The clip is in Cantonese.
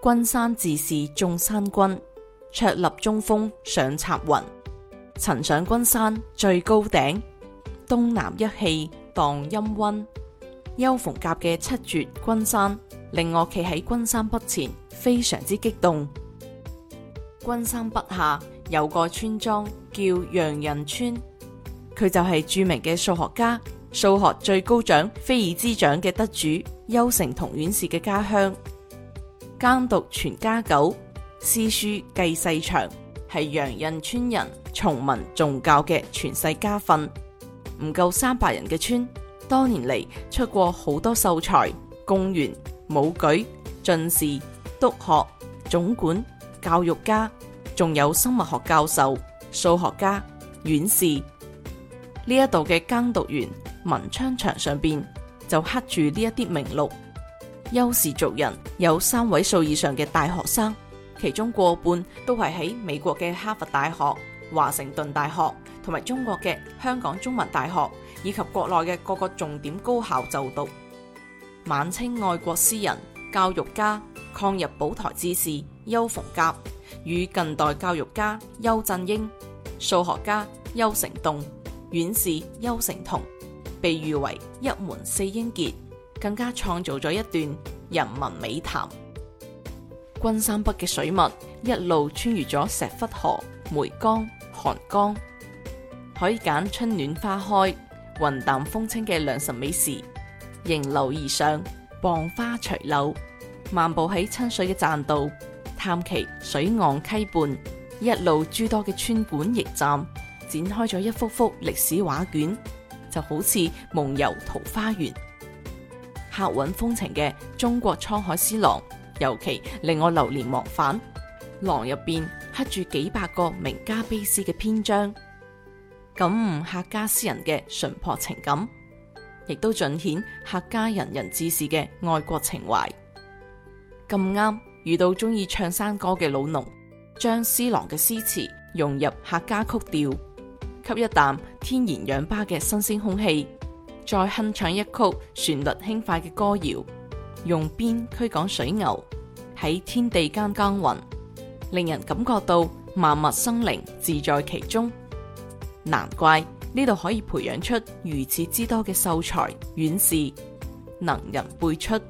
君山自是眾山君，卓立中峰上插雲。曾上君山最高頂，東南一氣蕩氤氳。丘逢甲嘅七絕《君山》，令我企喺君山筆前，非常之激動。君山筆下有個村莊叫羊岃村，佢就係著名嘅數學家，數學最高獎菲爾茲獎嘅得主丘成桐院士嘅家鄉。耕讀傳家久，詩書繼世長，係羊岃村人崇文重教嘅傳世家訓。唔夠三百人嘅村，多年嚟出過好多秀才、貢元、武舉、進士、督學、總管、教育家，仲有生物學教授、數學家、院士。呢一度嘅耕讀園文昌牆上邊就刻住呢一啲名錄。丘氏族人有三位數以上嘅大學生，其中過半都係喺美國嘅哈佛大學、華盛頓大學，同埋中國嘅香港中文大學以及國內嘅各個重點高校就讀。晚清愛國詩人、教育家、抗日保台志士丘逢甲，與近代教育家丘鎮英、數學家丘成棟、院士丘成桐，被譽為一門四英傑。更加創造咗一段人文美談。君山筆嘅水脈一路穿越咗石窟河、梅江、韓江，可以揀春暖花開、雲淡風清嘅良辰美時，迎流而上，傍花隨柳，漫步喺親水嘅棧道，探奇水岸溪畔，一路諸多嘅村館驛站，展開咗一幅幅歷史畫卷，就好似夢遊桃花源。客韻風情嘅中國倉海詩廊，尤其令我流連忘返。廊入邊刻住幾百個名家碑詩嘅篇章，感悟客家詩人嘅純樸情感，亦都盡顯客家仁人志士嘅愛國情懷。咁啱遇到中意唱山歌嘅老農，將詩廊嘅詩詞融入客家曲調，吸一啖天然氧吧嘅新鮮空氣。再哼唱一曲旋律輕快嘅歌謠，用鞭驅趕水牛喺天地間耕耘，令人感覺到萬物生靈自在其中。難怪呢度可以培養出如此之多嘅秀才、院士、能人輩出。